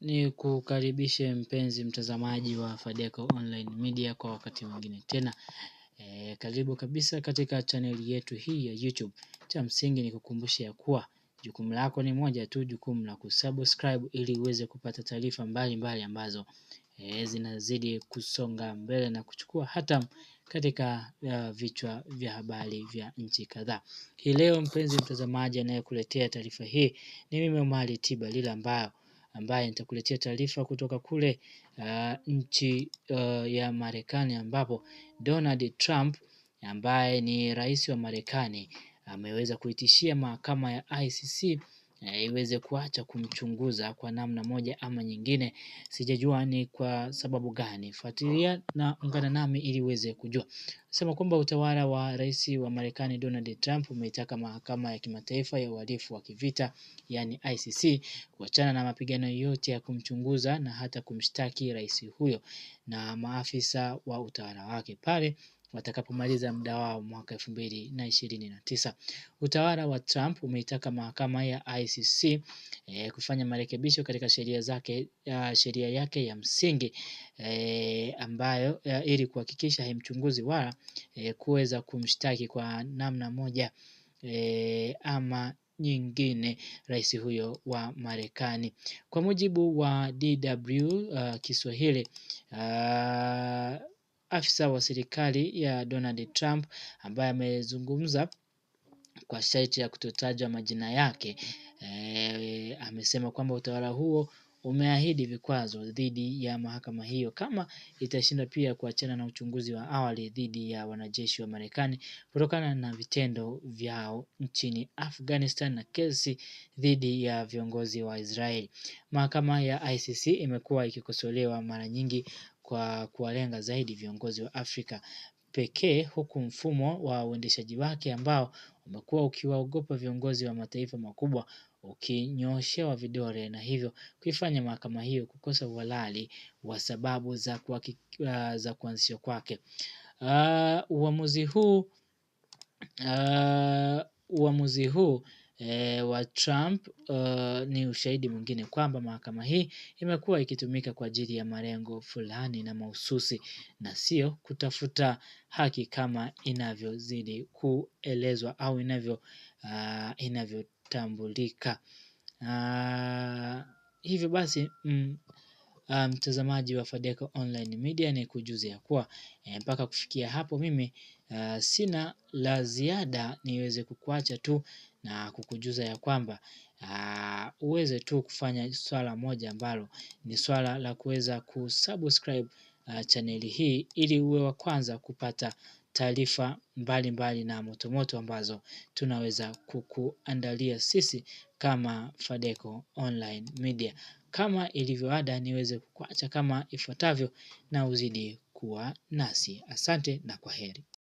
Ni kukaribishe mpenzi mtazamaji wa Fadeco Online Media kwa wakati mwingine tena. E, karibu kabisa katika chaneli yetu hii ya YouTube. Cha msingi ni kukumbusha ya kuwa jukumu lako ni moja tu, jukumu la kusubscribe ili uweze kupata taarifa mbalimbali ambazo e, zinazidi kusonga mbele na kuchukua hata katika uh, vichwa vya habari vya nchi kadhaa. Hii leo mpenzi mtazamaji, anayekuletea taarifa hii ni mimi Omari lile ambayo ambaye nitakuletea taarifa kutoka kule uh, nchi uh, ya Marekani ambapo Donald Trump ambaye ni rais wa Marekani ameweza kuitishia mahakama ya ICC Eh, iweze kuacha kumchunguza kwa namna moja ama nyingine. Sijajua ni kwa sababu gani. Fuatilia na ungana nami ili uweze kujua. Sema kwamba utawala wa rais wa Marekani Donald Trump umeitaka mahakama ya kimataifa ya uhalifu wa kivita yani ICC kuachana na mapigano yote ya kumchunguza na hata kumshtaki rais huyo na maafisa wa utawala wake pale watakapomaliza muda wao mwaka elfu mbili na ishirini na tisa. Utawala wa Trump umeitaka mahakama ya ICC eh, kufanya marekebisho katika sheria zake uh, sheria yake ya msingi eh, ambayo eh, ili kuhakikisha haimchunguzi wala eh, kuweza kumshtaki kwa namna moja eh, ama nyingine rais huyo wa Marekani. Kwa mujibu wa DW uh, eh, Kiswahili uh, afisa wa serikali ya Donald Trump ambaye amezungumza kwa sharti ya kutotajwa majina yake. E, amesema kwamba utawala huo umeahidi vikwazo dhidi ya mahakama hiyo kama itashindwa pia kuachana na uchunguzi wa awali dhidi ya wanajeshi wa Marekani kutokana na vitendo vyao nchini Afghanistan na kesi dhidi ya viongozi wa Israeli. Mahakama ya ICC imekuwa ikikosolewa mara nyingi kwa kuwalenga zaidi viongozi wa Afrika pekee huku mfumo wa uendeshaji wake ambao umekuwa ukiwaogopa viongozi wa mataifa makubwa ukinyooshewa vidole na hivyo kuifanya mahakama hiyo kukosa uhalali wa sababu za, za kuanzishwa kwake. Uh, uamuzi huu uh, uamuzi huu Eh, wa Trump eh, ni ushahidi mwingine kwamba mahakama hii imekuwa ikitumika kwa ajili ya malengo fulani na mahususi na sio kutafuta haki kama inavyozidi kuelezwa au ah, inavyotambulika. Ah, hivyo basi mm, ah, mtazamaji wa Fadeco Online Media nikujuze ya kuwa eh, mpaka kufikia hapo mimi sina la ziada niweze kukuacha tu na kukujuza ya kwamba uweze tu kufanya swala moja ambalo ni swala la kuweza kusubscribe chaneli hii ili uwe wa kwanza kupata taarifa mbalimbali na motomoto ambazo tunaweza kukuandalia sisi kama Fadeco Online Media. Kama ilivyo ada, niweze kukuacha kama ifuatavyo, na uzidi kuwa nasi. Asante na kwa heri.